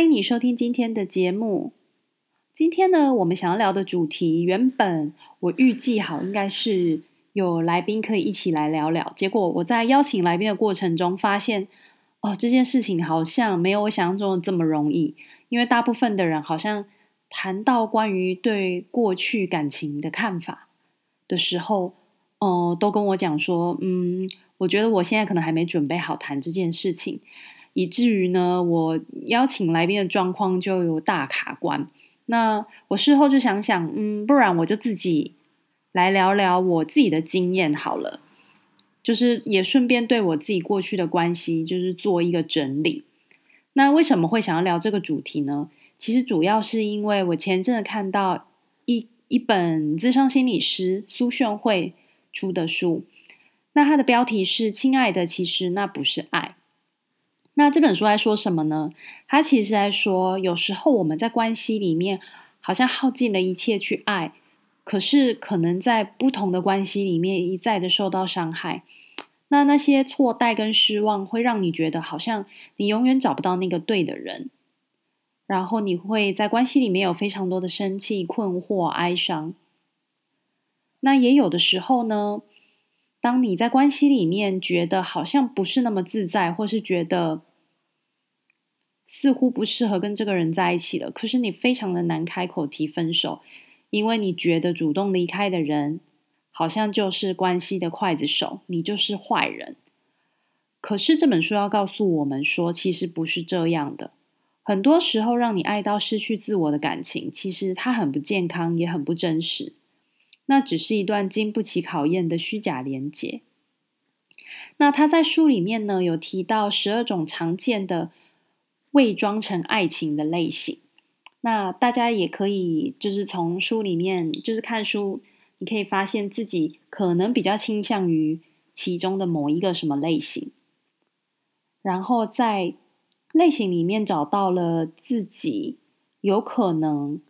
歡迎你收聽今天的節目。今天呢，我們想要聊的主題，原本我預計好應該是有來賓可以一起來聊聊。結果我在邀請來賓的過程中，發現，哦，這件事情好像沒有我想象中的這麼容易，因為大部分的人好像談到關於對過去感情的看法的時候，嗯、呃，都跟我講說，嗯，我覺得我現在可能還沒準備好談這件事情。以至於呢，我邀請來賓的狀況就有大卡關。那我事後就想想，嗯，不然我就自己來聊聊我自己的經驗好了，就是也順便對我自己過去的關係，就是做一個整理。那為什麼會想要聊這個主題呢？其實主要是因為我前陣子看到一一本資深心理師蘇絢慧出的書，那它的標題是《親愛的，其實那不是愛》。那這本書在說什麼呢？它其實在說，有時候我們在關係裡面好像耗盡了一切去愛，可是可能在不同的關係裡面一再的受到傷害。那那些挫敗跟失望會讓你覺得好像你永遠找不到那個對的人，然後你會在關係裡面有非常多的生氣、困惑、哀傷。那也有的時候呢，當你在關係裡面覺得好像不是那麼自在，或是覺得似乎不適合跟這個人在一起了。可是你非常的難開口提分手，因為你覺得主動離開的人好像就是關係的劊子手，你就是壞人。可是這本書要告訴我們說，其實不是這樣的。很多時候讓你愛到失去自我的感情，其實它很不健康，也很不真實。那只是一段經不起考驗的虛假連接。那他在書裡面呢，有提到十二種常見的偽裝成愛情的類型，那大家也可以就是從書裡面就是看書，你可以發現自己可能比較傾向於其中的某一個什麼類型，然後在類型裡面找到了自己有可能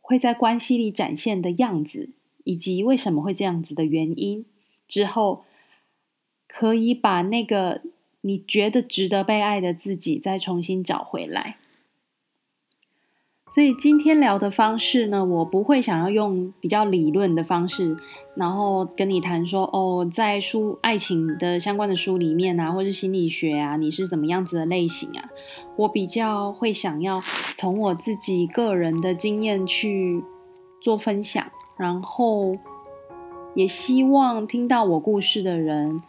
會在關係裡展現的樣子，以及為什麼會這樣子的原因，之後可以把那個。你覺得值得被愛的自己，再重新找回來。所以今天聊的方式呢，我不會想要用比較理論的方式，然後跟你談說，哦，在書愛情的相關的書裡面啊，或是心理學啊，你是怎麼樣子的類型啊？我比較會想要從我自己個人的經驗去做分享，然後也希望聽到我故事的人。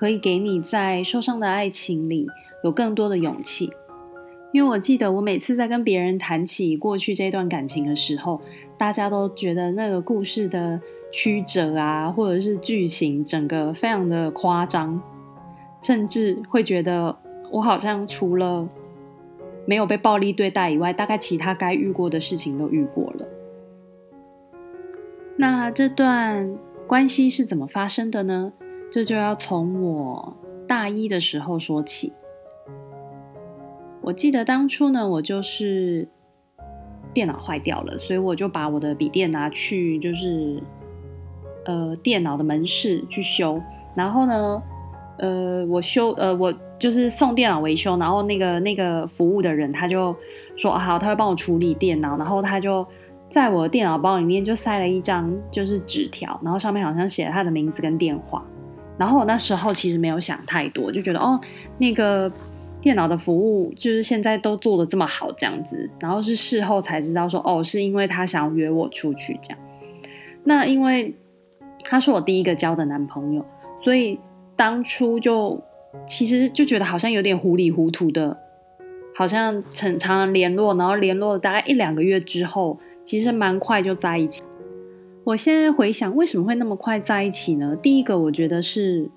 可以給你在受傷的愛情裡有更多的勇氣，因為我記得我每次在跟別人談起過去這段感情的時候，大家都覺得那個故事的曲折啊，或者是劇情整個非常的誇張，甚至會覺得我好像除了沒有被暴力對待以外，大概其他該遇過的事情都遇過了。那這段關係是怎麼發生的呢？這就要從我大一的時候說起。我記得當初呢，我就是電腦壞掉了，所以我就把我的筆電拿去，就是呃電腦的門市去修。然後呢，呃，我修呃我就是送電腦維修，然後那個那個服務的人他就說，啊，好，他會幫我處理電腦。然後他就在我的電腦包裡面就塞了一張就是紙條，然後上面好像寫了他的名字跟電話。然後我那時候其實沒有想太多，就覺得哦，那個電腦的服務就是現在都做得這麼好這樣子。然後是事後才知道說哦，是因為他想要約我出去這樣。那因為他是我第一個交的男朋友，所以當初就其實就覺得好像有點糊裡糊塗的，好像常常聯絡，然後聯絡了大概一兩個月之後，其實蠻快就在一起。我現在回想為什麼會那麼快在一起呢？第一個，我覺得是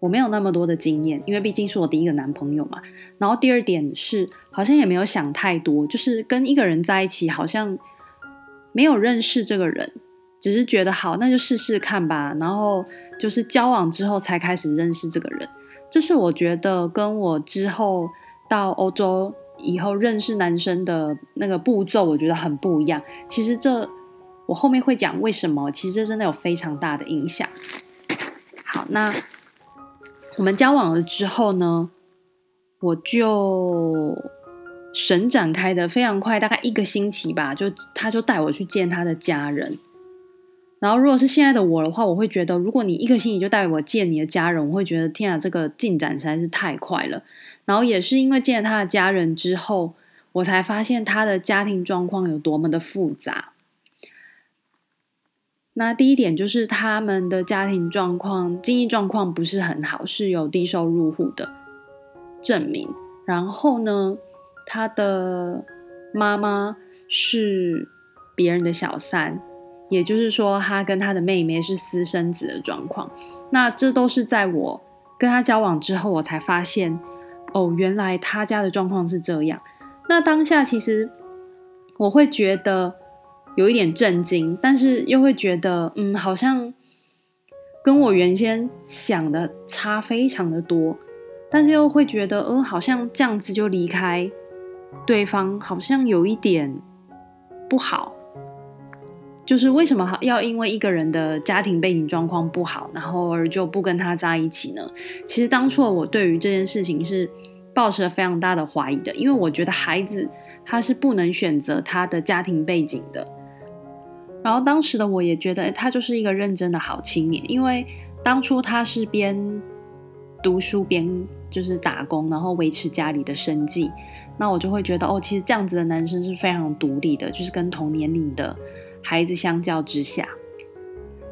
我沒有那麼多的經驗，因為畢竟是我第一個男朋友嘛。然後第二點是，好像也沒有想太多，就是跟一個人在一起，好像沒有認識這個人，只是覺得好，那就試試看吧。然後就是交往之後才開始認識這個人，這是我覺得跟我之後到歐洲以後認識男生的那個步驟，我覺得很不一樣。其實這。我後面會講為什麼，其實這真的有非常大的影響。好，那我們交往了之後呢，我就神展開的非常快，大概一個星期吧，就他就帶我去見他的家人。然後，如果是現在的我的話，我會覺得，如果你一個星期就帶我見你的家人，我會覺得天啊，這個進展實在是太快了。然後也是因為見了他的家人之後，我才發現他的家庭狀況有多麼的複雜。那第一點就是他們的家庭狀況、經濟狀況不是很好，是有低收入戶的證明。然後呢，他的媽媽是別人的小三，也就是說，他跟他的妹妹是私生子的狀況。那這都是在我跟他交往之後，我才發現哦，原來他家的狀況是這樣。那當下其實我會覺得，有一點震驚，但是又會覺得，嗯，好像跟我原先想的差非常的多，但是又會覺得，嗯、呃，好像這樣子就離開對方好像有一點不好，就是為什麼要因為一個人的家庭背景狀況不好，然後而就不跟他在一起呢？其實當初我對於這件事情是抱持了非常大的懷疑的，因為我覺得孩子他是不能選擇他的家庭背景的。然後當時的我也覺得，欸，他就是一個認真的好青年，因為當初他是邊讀書邊就是打工，然後維持家裡的生計。那我就會覺得，哦，其實這樣子的男生是非常獨立的，就是跟同年齡的孩子相較之下，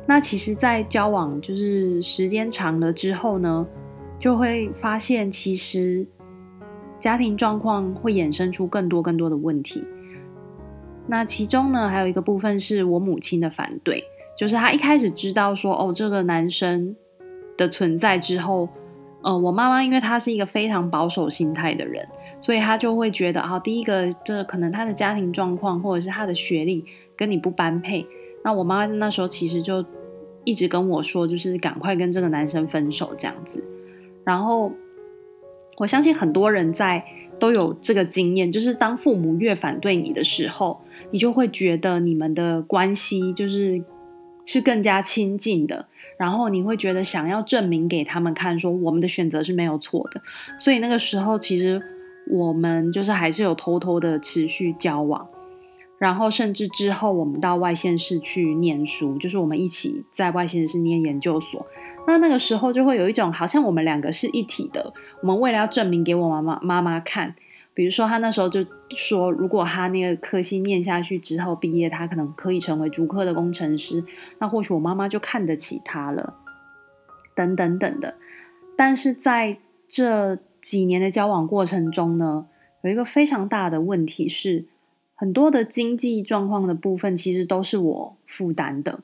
那其實，在交往就是時間長了之後呢，就會發現，其實家庭狀況會衍生出更多更多的問題。那其中呢，還有一個部分是我母親的反對，就是她一開始知道說哦，這個男生的存在之後，嗯、呃，我媽媽因為她是一個非常保守心態的人，所以她就會覺得啊、哦，第一個，這可能他的家庭狀況或者是他的學歷跟你不般配。那我媽媽那時候其實就一直跟我說，就是趕快跟這個男生分手這樣子。然後我相信很多人在都有這個經驗，就是當父母越反對你的時候。你就會覺得你們的關係就是是更加親近的，然後你會覺得想要證明給他們看，說我們的選擇是沒有錯的。所以那個時候，其實我們就是還是有偷偷的持續交往，然後甚至之後我們到外縣市去念書，就是我們一起在外縣市念研究所。那那個時候就會有一種好像我們兩個是一體的，我們為了要證明給我媽媽，媽媽看。比如說，他那時候就說，如果他那個科系念下去之後畢業，他可能可以成為竹科的工程師，那或許我媽媽就看得起他了，等等等等的。但是在這幾年的交往過程中呢，有一個非常大的問題是，很多的經濟狀況的部分其實都是我負擔的。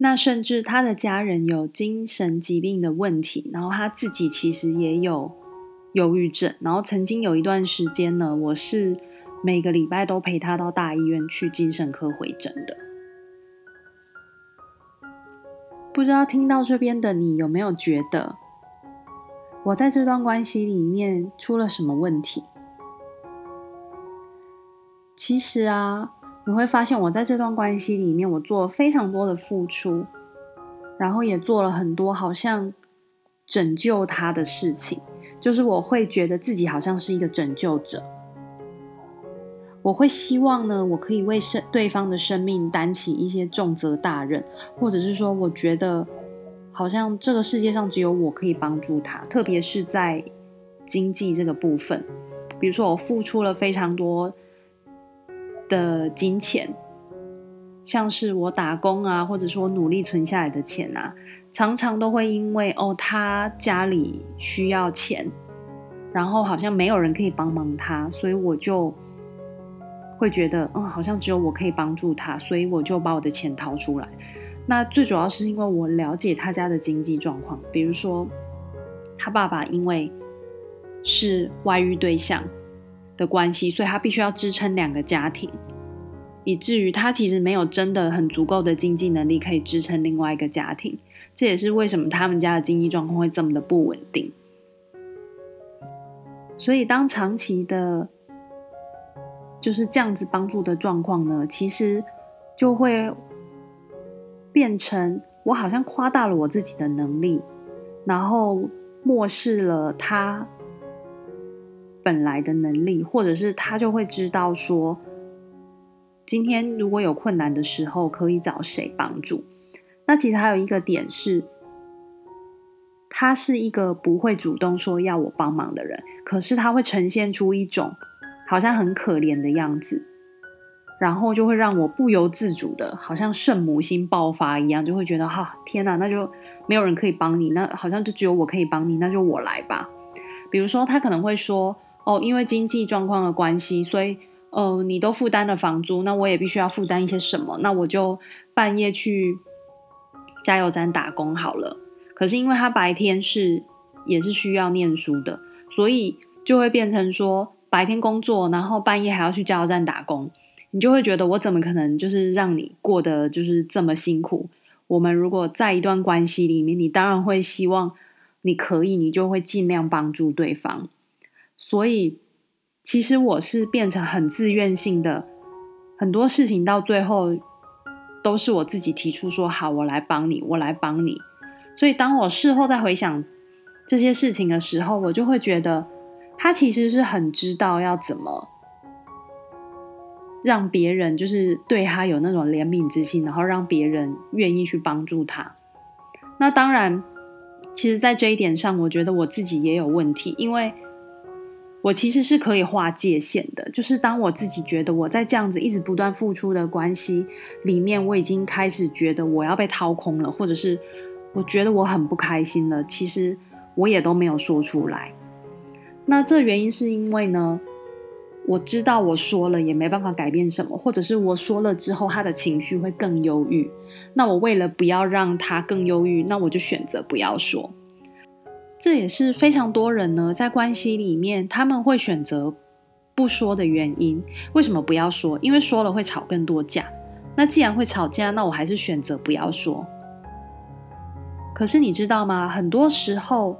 那甚至他的家人有精神疾病的問題，然後他自己其實也有。憂鬱症，然後曾經有一段時間呢，我是每個禮拜都陪他到大醫院去精神科回診的。不知道聽到這邊的你有沒有覺得，我在這段關係裡面出了什麼問題？其實啊，你會發現我在這段關係裡面，我做了非常多的付出，然後也做了很多好像拯救他的事情。就是我會覺得自己好像是一個拯救者，我會希望呢，我可以為生對方的生命擔起一些重責大任，或者是說，我覺得好像這個世界上只有我可以幫助他，特別是在經濟這個部分，比如說我付出了非常多的金錢。像是我打工啊，或者說我努力存下來的錢啊，常常都會因為哦，他家裡需要錢，然後好像沒有人可以幫忙他，所以我就會覺得，嗯，好像只有我可以幫助他，所以我就把我的錢掏出來。那最主要是因為我了解他家的經濟狀況，比如說他爸爸因為是外遇對象的關係，所以他必須要支撐兩個家庭。以至於他其實沒有真的很足夠的經濟能力可以支撐另外一個家庭，這也是為什麼他們家的經濟狀況會這麼的不穩定。所以當長期的就是這樣子幫助的狀況呢，其實就會變成我好像誇大了我自己的能力，然後漠視了他本來的能力，或者是他就會知道說，今天如果有困難的時候，可以找誰幫助？那其實還有一個點是，他是一個不會主動說要我幫忙的人，可是他會呈現出一種好像很可憐的樣子，然後就會讓我不由自主的，好像聖母心爆發一樣，就會覺得哈，啊，天哪，那就沒有人可以幫你，那好像就只有我可以幫你，那就我來吧。比如說，他可能會說，哦，因為經濟狀況的關係，所以。嗯、呃，你都負擔了房租，那我也必須要負擔一些什麼？那我就半夜去加油站打工好了。可是因為他白天是也是需要念書的，所以就會變成說白天工作，然後半夜還要去加油站打工。你就會覺得我怎麼可能就是讓你過得就是這麼辛苦？我們如果在一段關係裡面，你當然會希望你可以，你就會盡量幫助對方，所以。其實我是變成很自願性的，很多事情到最後都是我自己提出說好，我來幫你，我來幫你。所以當我事後再回想這些事情的時候，我就會覺得他其實是很知道要怎麼讓別人就是對他有那種憐憫之心，然後讓別人願意去幫助他。那當然，其實在這一點上，我覺得我自己也有問題，因為。我其實是可以劃界限的，就是當我自己覺得我在這樣子一直不斷付出的關係裡面，我已經開始覺得我要被掏空了，或者是我覺得我很不開心了，其實我也都沒有說出來。那這原因是因為呢，我知道我說了也沒辦法改變什麼，或者是我說了之後他的情緒會更憂鬱。那我為了不要讓他更憂鬱，那我就選擇不要說。這也是非常多人呢，在關係裡面，他們會選擇不說的原因。為什麼不要說？因為說了會吵更多架。那既然會吵架，那我還是選擇不要說。可是你知道嗎？很多時候，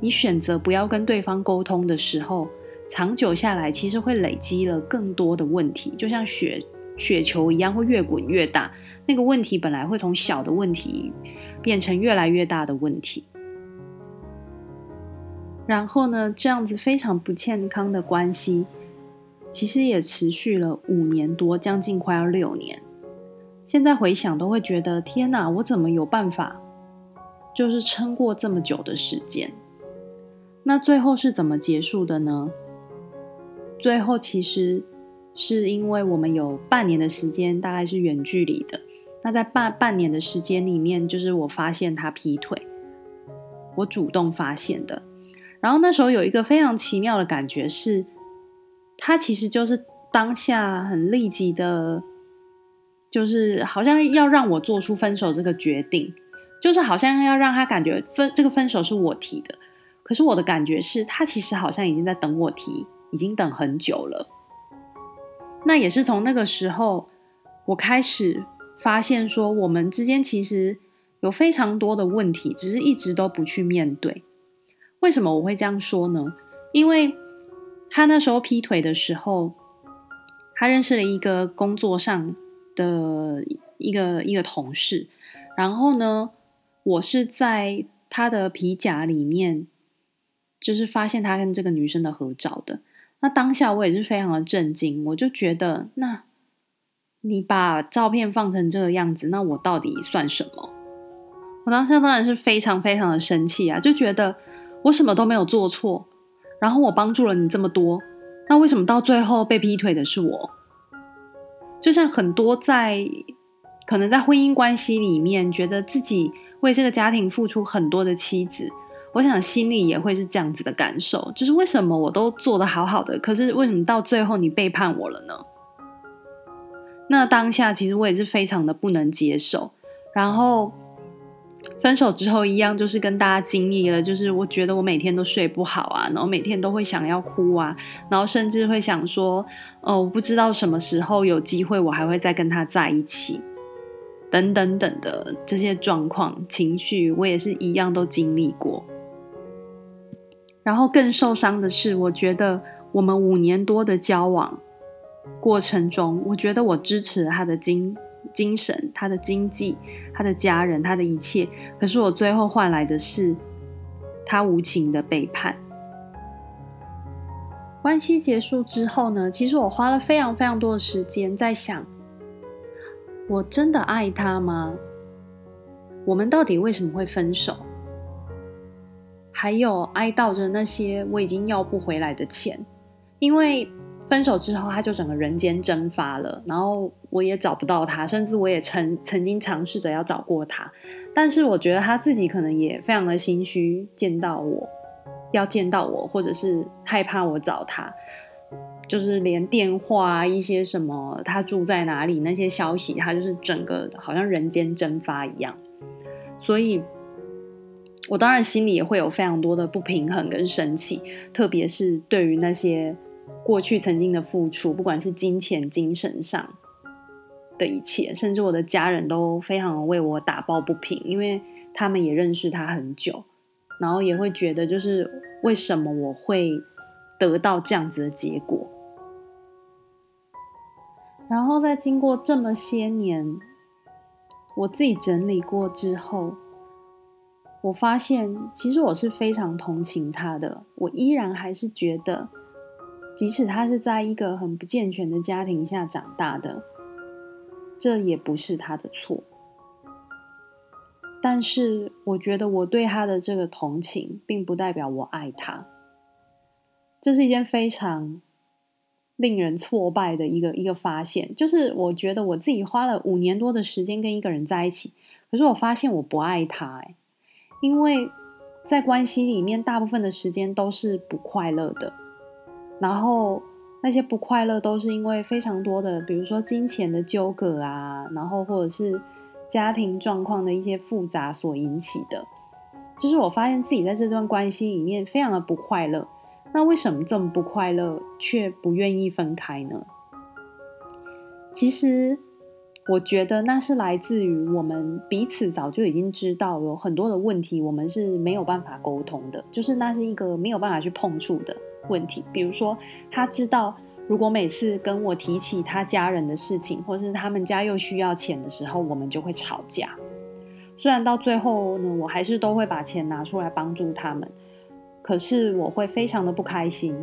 你選擇不要跟對方溝通的時候，長久下來，其實會累積了更多的問題，就像雪，雪球一樣，會越滾越大。那個問題本來會從小的問題，變成越來越大的問題。然後呢，這樣子非常不健康的關係，其實也持續了五年多，將近快要六年。現在回想都會覺得，天哪，我怎麼有辦法，就是撐過這麼久的時間？那最後是怎麼結束的呢？最後其實是因為我們有半年的時間，大概是遠距離的。那在半半年的時間裡面，就是我發現他劈腿，我主動發現的。然後那時候有一個非常奇妙的感覺是，他其實就是當下很立即的，就是好像要讓我做出分手這個決定，就是好像要讓他感覺分這個分手是我提的。可是我的感覺是他其實好像已經在等我提，已經等很久了。那也是從那個時候，我開始發現說，我們之間其實有非常多的問題，只是一直都不去面對。為什麼我會這樣說呢？因為他那時候劈腿的時候，他認識了一個工作上的一個一個同事，然後呢，我是在他的皮夾裡面，就是發現他跟這個女生的合照的。那當下我也是非常的震驚，我就覺得，那你把照片放成這個樣子，那我到底算什麼？我當下當然是非常非常的生氣啊，就覺得。我什麼都沒有做錯，然後我幫助了你這麼多，那為什麼到最後被劈腿的是我？就像很多在，可能在婚姻關係裡面覺得自己為這個家庭付出很多的妻子，我想心裡也會是這樣子的感受，就是為什麼我都做得好好的，可是為什麼到最後你背叛我了呢？那當下其實我也是非常的不能接受，然後。分手之後一樣，就是跟大家經歷了，就是我覺得我每天都睡不好啊，然後每天都會想要哭啊，然後甚至會想說，哦、呃，我不知道什麼時候有機會我還會再跟他在一起，等等等等的這些狀況、情緒，我也是一樣都經歷過。然後更受傷的是，我覺得我們五年多的交往過程中，我覺得我支持他的精精神、他的經濟。他的家人，他的一切，可是我最後換來的是他無情的背叛。關係結束之後呢，其實我花了非常非常多的時間在想，我真的愛他嗎？我們到底為什麼會分手？還有哀悼着那些我已經要不回來的錢，因為。分手之後，他就整個人間蒸發了，然後我也找不到他，甚至我也曾曾經嘗試着要找過他，但是我覺得他自己可能也非常的心虛，見到我，要見到我，或者是害怕我找他，就是連電話一些什麼，他住在哪裡那些消息，他就是整個好像人間蒸發一樣，所以，我當然心裡也會有非常多的不平衡跟生氣，特別是對於那些。過去曾經的付出，不管是金錢、精神上的一切，甚至我的家人都非常為我打抱不平，因為他們也認識他很久，然後也會覺得就是為什麼我會得到這樣子的結果。然後在經過這麼些年，我自己整理過之後，我發現其實我是非常同情他的，我依然還是覺得。即使他是在一個很不健全的家庭下長大的，這也不是他的錯。但是，我覺得我對他的這個同情，並不代表我愛他。這是一件非常令人挫敗的一個一個發現，就是我覺得我自己花了五年多的時間跟一個人在一起，可是我發現我不愛他，哎，因為在關係裡面，大部分的時間都是不快樂的。然後那些不快樂都是因為非常多的，比如說金錢的糾葛啊，然後或者是家庭狀況的一些複雜所引起的。就是我發現自己在這段關係裡面非常的不快樂，那為什麼這麼不快樂卻不願意分開呢？其實我覺得那是來自於我們彼此早就已經知道有很多的問題，我們是沒有辦法溝通的，就是那是一個沒有辦法去碰觸的問題，比如說，他知道如果每次跟我提起他家人的事情，或是他們家又需要錢的時候，我們就會吵架。雖然到最後呢，我還是都會把錢拿出來幫助他們，可是我會非常的不開心。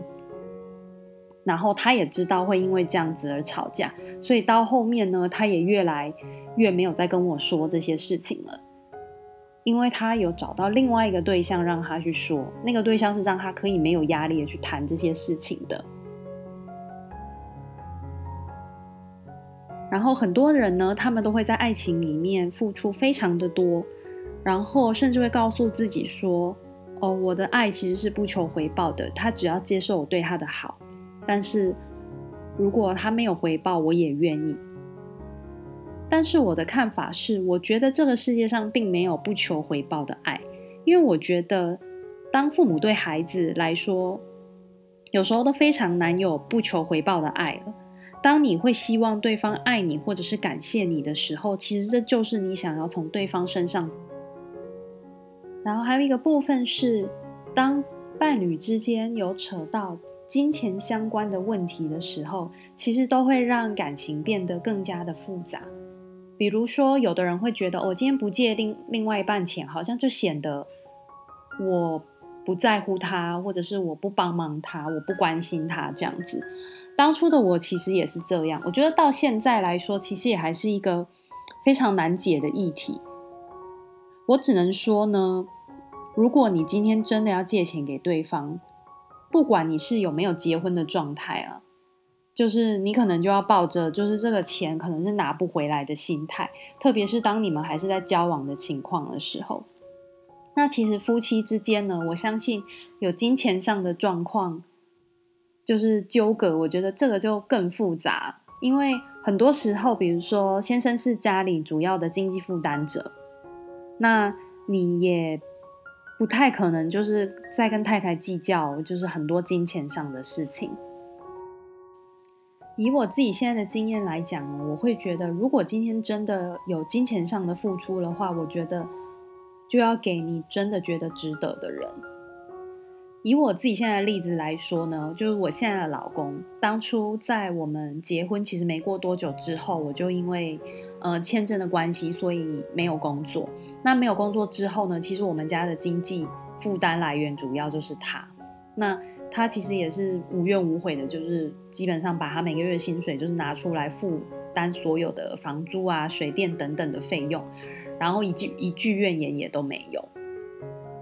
然後他也知道會因為這樣子而吵架，所以到後面呢，他也越來越沒有再跟我說這些事情了。因為他有找到另外一個對象讓他去說，那個對象是讓他可以沒有壓力的去談這些事情的。然後很多人呢，他們都會在愛情裡面付出非常的多，然後甚至會告訴自己說：“哦，我的愛其實是不求回報的，他只要接受我對他的好。但是如果他沒有回報，我也願意。”但是我的看法是，我覺得這個世界上並沒有不求回報的愛，因為我覺得，當父母對孩子來說，有時候都非常難有不求回報的愛了。當你會希望對方愛你或者是感謝你的時候，其實這就是你想要從對方身上。然後還有一個部分是，當伴侶之間有扯到金錢相關的問題的時候，其實都會讓感情變得更加的複雜。比如說，有的人會覺得，我、哦、今天不借另另外一半錢，好像就顯得我不在乎他，或者是我不幫忙他，我不關心他這樣子。當初的我其實也是這樣，我覺得到現在來說，其實也還是一個非常難解的議題。我只能說呢，如果你今天真的要借錢給對方，不管你是有沒有結婚的狀態啊。就是你可能就要抱着就是這個錢可能是拿不回來的心態，特別是當你們還是在交往的情況的時候。那其實夫妻之間呢，我相信有金錢上的狀況，就是糾葛，我覺得這個就更複雜。因為很多時候，比如說先生是家裡主要的經濟負擔者，那你也不太可能就是在跟太太計較，就是很多金錢上的事情。以我自己現在的經驗來講呢，我會覺得，如果今天真的有金錢上的付出的話，我覺得就要給你真的覺得值得的人。以我自己現在的例子來說呢，就是我現在的老公，當初在我們結婚其實沒過多久之後，我就因為呃簽證的關係，所以沒有工作。那沒有工作之後呢，其實我們家的經濟負擔來源主要就是他。那他其實也是無怨無悔的，就是基本上把他每個月薪水就是拿出來負擔所有的房租啊、水電等等的費用，然後一句一句怨言，也都沒有。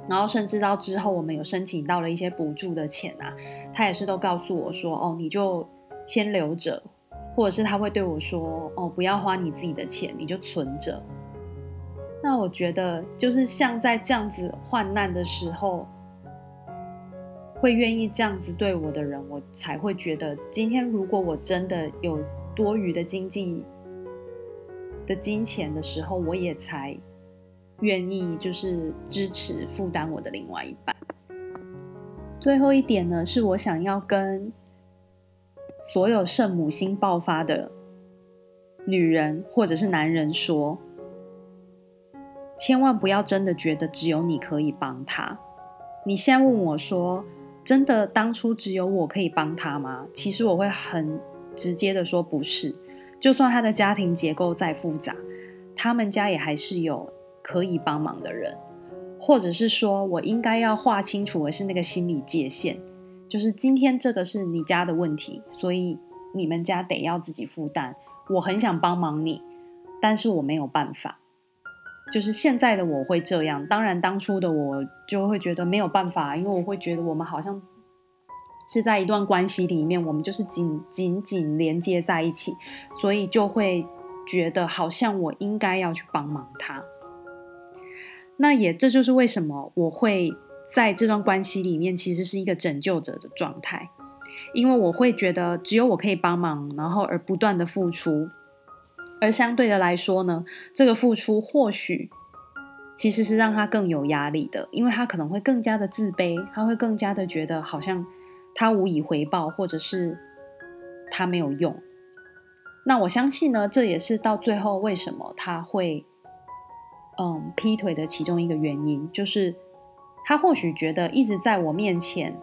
然後甚至到之後，我們有申請到了一些補助的錢啊，他也是都告訴我說：“哦，你就先留着。”或者是他會對我說：“哦，不要花你自己的錢，你就存着。”那我覺得就是像在這樣子患難的時候。會願意這樣子對我的人，我才會覺得今天如果我真的有多餘的經濟的金錢的時候，我也才願意就是支持負擔我的另外一半。最後一點呢，是我想要跟所有聖母心爆發的女人或者是男人說，千萬不要真的覺得只有你可以幫他。你先問我說。真的當初只有我可以幫他嗎？其實我會很直接的說，不是。就算他的家庭結構再複雜，他們家也還是有可以幫忙的人，或者是說我應該要劃清楚的是那個心理界限，就是今天這個是你家的問題，所以你們家得要自己負擔。我很想幫忙你，但是我沒有辦法。就是現在的我會這樣，當然當初的我就會覺得沒有辦法，因為我會覺得我們好像是在一段關係裡面，我們就是緊緊緊連接在一起，所以就會覺得好像我應該要去幫忙他。那也這就是為什麼我會在這段關係裡面其實是一個拯救者的狀態，因為我會覺得只有我可以幫忙，然後而不斷的付出。而相對的來說呢，這個付出或許其實是讓他更有壓力的，因為他可能會更加的自卑，他會更加的覺得好像他無以回報，或者是他沒有用。那我相信呢，這也是到最後為什麼他會嗯劈腿的其中一個原因，就是他或許覺得一直在我面前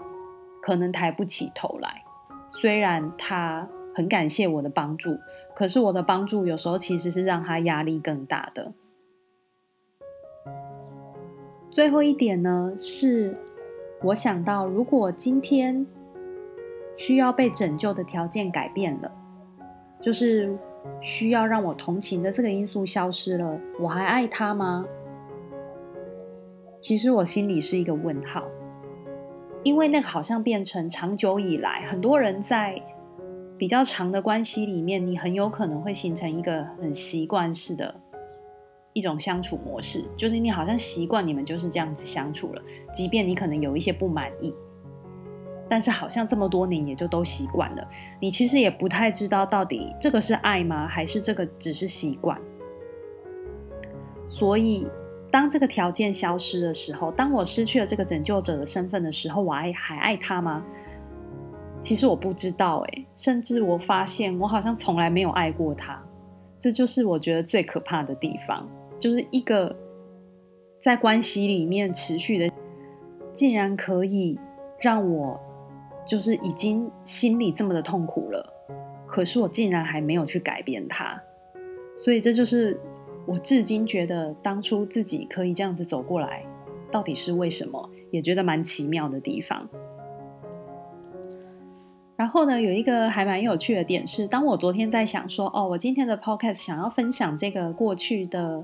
可能抬不起頭來，雖然他很感謝我的幫助。可是我的幫助有時候其實是讓他壓力更大的。最後一點呢，是我想到，如果今天需要被拯救的條件改變了，就是需要讓我同情的這個因素消失了，我還愛他嗎？其實我心裡是一個問號，因為那個好像變成長久以來很多人在。比較長的關係裡面，你很有可能會形成一個很習慣式的一種相處模式，就是你好像習慣你們就是這樣子相處了，即便你可能有一些不滿意，但是好像這麼多年也就都習慣了。你其實也不太知道到底這個是愛嗎，還是這個只是習慣。所以，當這個條件消失的時候，當我失去了這個拯救者的身份的時候，我還還愛他嗎？其實我不知道耶，甚至我發現我好像從來沒有愛過他，這就是我覺得最可怕的地方，就是一個在關係裡面持續的，竟然可以讓我就是已經心裡這麼的痛苦了，可是我竟然還沒有去改變他，所以這就是我至今覺得當初自己可以這樣子走過來，到底是為什麼，也覺得蠻奇妙的地方。然後呢，有一個還蠻有趣的點是，當我昨天在想說，哦，我今天的 podcast 想要分享這個過去的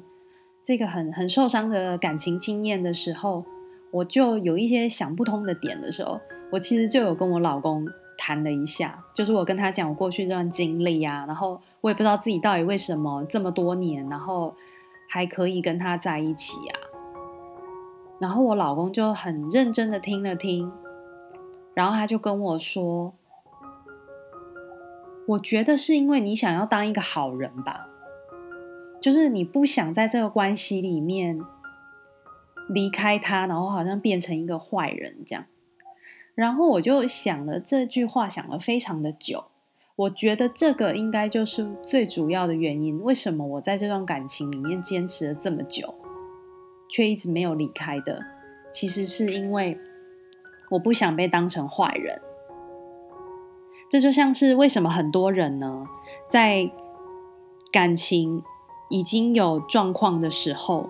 這個很很受傷的感情經驗的時候，我就有一些想不通的點的時候，我其實就有跟我老公談了一下，就是我跟他講我過去這段經歷啊，然後我也不知道自己到底為什麼這麼多年，然後還可以跟他在一起啊，然後我老公就很認真的聽了聽，然後他就跟我說。我覺得是因為你想要當一個好人吧，就是你不想在這個關係裡面離開他，然後好像變成一個壞人這樣。然後我就想了這句話，想了非常的久。我覺得這個應該就是最主要的原因，為什麼我在這段感情裡面堅持了這麼久，卻一直沒有離開的，其實是因為我不想被當成壞人。這就像是為什麼很多人呢，在感情已經有狀況的時候，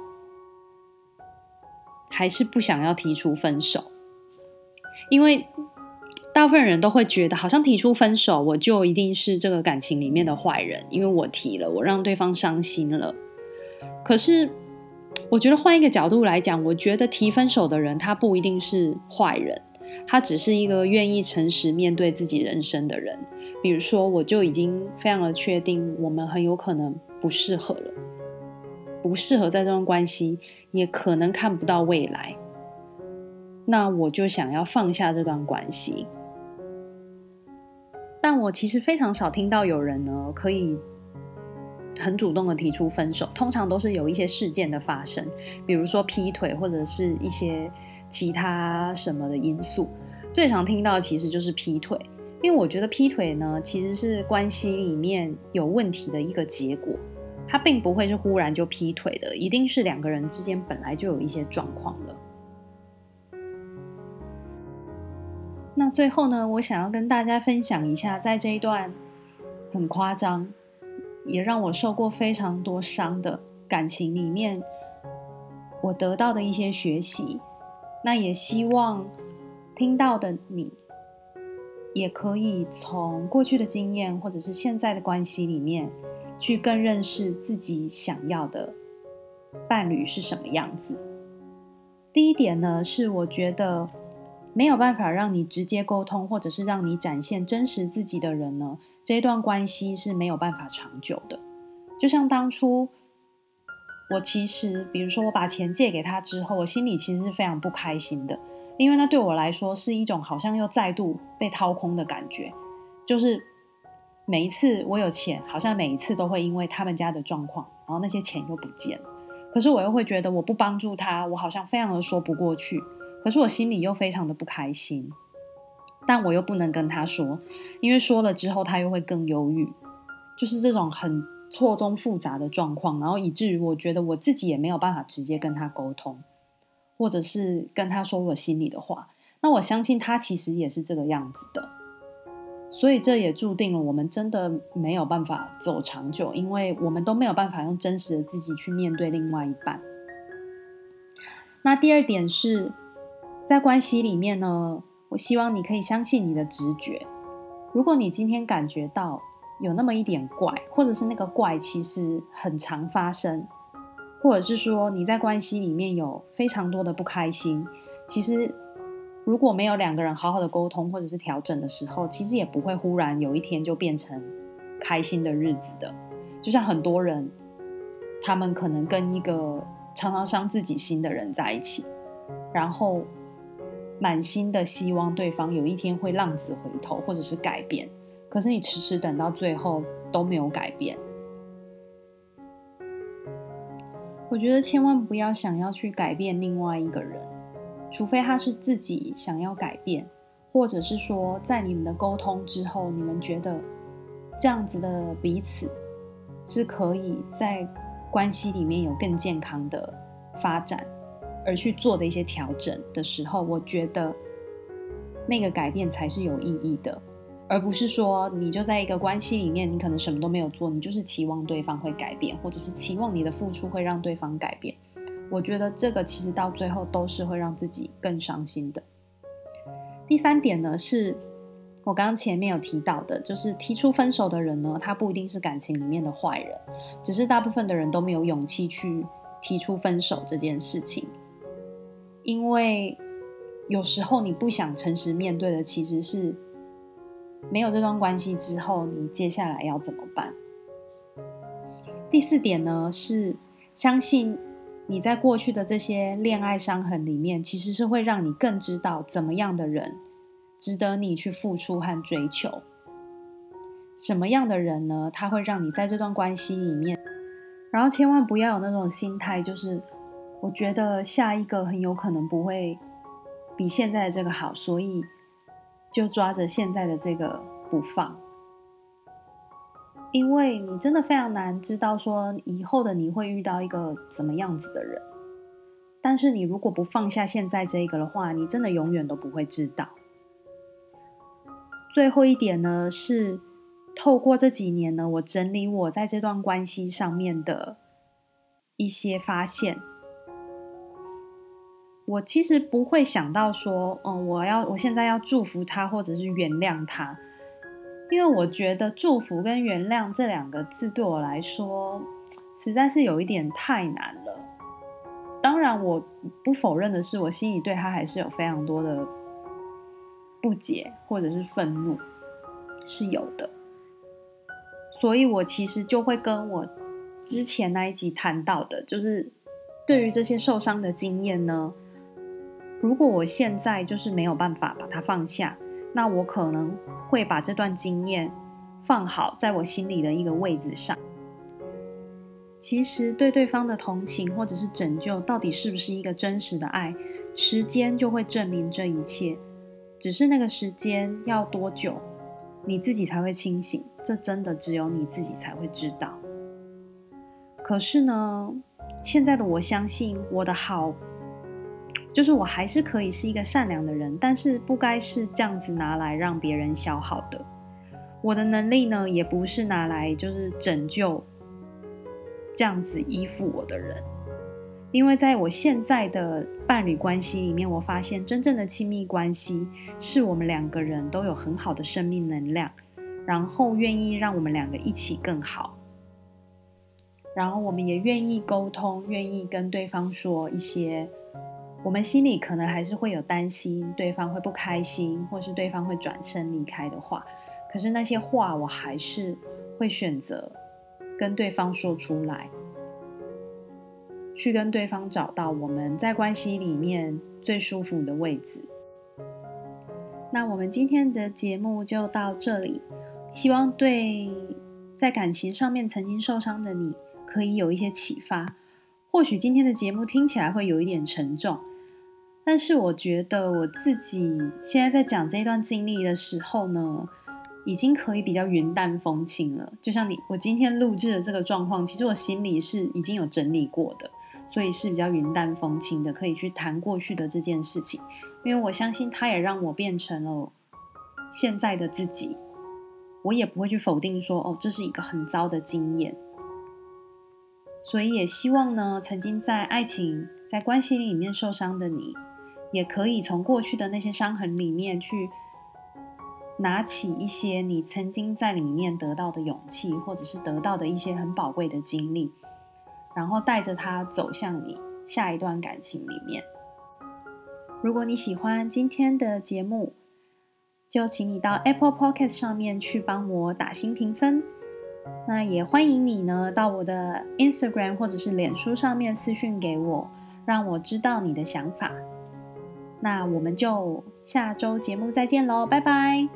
還是不想要提出分手。因為大部分人都會覺得，好像提出分手我就一定是這個感情裡面的壞人，因為我提了，我讓對方傷心了。可是，我覺得換一個角度來講，我覺得提分手的人他不一定是壞人。他只是一個願意誠實面對自己人生的人。比如說，我就已經非常的確定，我們很有可能不適合了，不適合在這段關係，也可能看不到未來。那我就想要放下這段關係。但我其實非常少聽到有人呢，可以很主動的提出分手。通常都是有一些事件的發生，比如說劈腿或者是一些。其他什麼的因素，最常聽到其實就是劈腿，因為我覺得劈腿呢，其實是關係裡面有問題的一個結果，它並不會是忽然就劈腿的，一定是兩個人之間本來就有一些狀況了。那最後呢，我想要跟大家分享一下，在這一段很誇張，也讓我受過非常多傷的感情裡面，我得到的一些學習。那也希望聽到的你，也可以從過去的經驗或者是現在的關係裡面，去更認識自己想要的伴侶是什麼樣子。第一點呢，是我覺得沒有辦法讓你直接溝通，或者是讓你展現真實自己的人呢，這一段關係是沒有辦法長久的。就像當初。我其實，比如說，我把錢借給他之後，我心裡其實是非常不開心的，因為那對我來說是一種好像又再度被掏空的感覺，就是每一次我有錢，好像每一次都會因為他們家的狀況，然後那些錢又不見了。可是我又會覺得，我不幫助他，我好像非常的說不過去，可是我心裡又非常的不開心，但我又不能跟他說，因為說了之後，他又會更憂鬱，就是這種很。錯綜複雜的狀況，然後以至於我覺得我自己也沒有辦法直接跟他溝通，或者是跟他說我心裡的話。那我相信他其實也是這個樣子的，所以這也注定了我們真的沒有辦法走長久，因為我們都沒有辦法用真實的自己去面對另外一半。那第二點是在關係裡面呢，我希望你可以相信你的直覺。如果你今天感覺到，有那麼一點怪，或者是那個怪其實很常發生，或者是說你在關係裡面有非常多的不開心，其實如果沒有兩個人好好的溝通或者是調整的時候，其實也不會忽然有一天就變成開心的日子的。就像很多人，他們可能跟一個常常傷自己心的人在一起，然後滿心的希望對方有一天會浪子回頭，或者是改變。可是你遲遲等到最後都沒有改變，我覺得千萬不要想要去改變另外一個人，除非他是自己想要改變，或者是說在你們的溝通之後，你們覺得這樣子的彼此是可以在關係裡面有更健康的發展而去做的一些調整的時候，我覺得那個改變才是有意義的。而不是說你就在一個關係裡面，你可能什麼都沒有做，你就是期望對方會改變，或者是期望你的付出會讓對方改變。我覺得這個其實到最後都是會讓自己更傷心的。第三點呢，是我剛剛前面有提到的，就是提出分手的人呢，他不一定是感情裡面的壞人，只是大部分的人都沒有勇氣去提出分手這件事情，因為有時候你不想誠實面對的其實是。沒有這段關係之後，你接下來要怎麼辦？第四點呢，是相信你在過去的這些戀愛傷痕裡面，其實是會讓你更知道怎麼樣的人值得你去付出和追求。什麼樣的人呢？他會讓你在這段關係裡面，然後千萬不要有那種心態，就是我覺得下一個很有可能不會比現在這個好，所以。就抓着現在的這個不放，因為你真的非常難知道說以後的你會遇到一個怎麼樣子的人。但是你如果不放下現在這個的話，你真的永遠都不會知道。最後一點呢，是透過這幾年呢，我整理我在這段關係上面的一些發現。我其實不會想到說，嗯，我要，我現在要祝福他，或者是原諒他，因為我覺得祝福跟原諒這兩個字對我來說，實在是有一點太難了。當然，我不否認的是，我心裡對他還是有非常多的不解或者是憤怒，是有的。所以我其實就會跟我之前那一集談到的，就是對於這些受傷的經驗呢。如果我現在就是沒有辦法把它放下，那我可能會把這段經驗放好在我心裡的一個位置上。其實對對方的同情或者是拯救，到底是不是一個真實的愛？時間就會證明這一切。只是那個時間要多久，你自己才會清醒？這真的只有你自己才會知道。可是呢，現在的我相信我的好。就是我還是可以是一個善良的人，但是不該是這樣子拿來讓別人消耗的。我的能力呢，也不是拿來就是拯救這樣子依附我的人。因為在我現在的伴侶關係裡面，我發現真正的親密關係是我們兩個人都有很好的生命能量，然後願意讓我們兩個一起更好。然後我們也願意溝通，願意跟對方說一些。我們心裡可能還是會有擔心，對方會不開心，或是對方會轉身離開的話，可是那些話我還是會選擇跟對方說出來，去跟對方找到我們在關係裡面最舒服的位置。那我們今天的節目就到這裡，希望對在感情上面曾經受傷的你可以有一些啟發。或許今天的節目聽起來會有一點沉重。但是我覺得我自己現在在講這一段經歷的時候呢，已經可以比較雲淡風輕了。就像你，我今天錄制的這個狀況，其實我心裡是已經有整理過的，所以是比較雲淡風輕的，可以去談過去的這件事情。因為我相信它也讓我變成了現在的自己，我也不會去否定說，喔，這是一個很糟的經驗。所以也希望呢，曾經在愛情在關係裡面受傷的你，也可以從過去的那些傷痕裡面去拿起一些你曾經在裡面得到的勇氣，或者是得到的一些很寶貴的經歷，然後帶着它走向你下一段感情裡面。如果你喜歡今天的節目，就請你到 Apple Podcast 上面去幫我打星評分。那也歡迎你呢，到我的 Instagram 或者是臉書上面私訊給我，讓我知道你的想法。那我們就下週節目再見嘍，拜拜。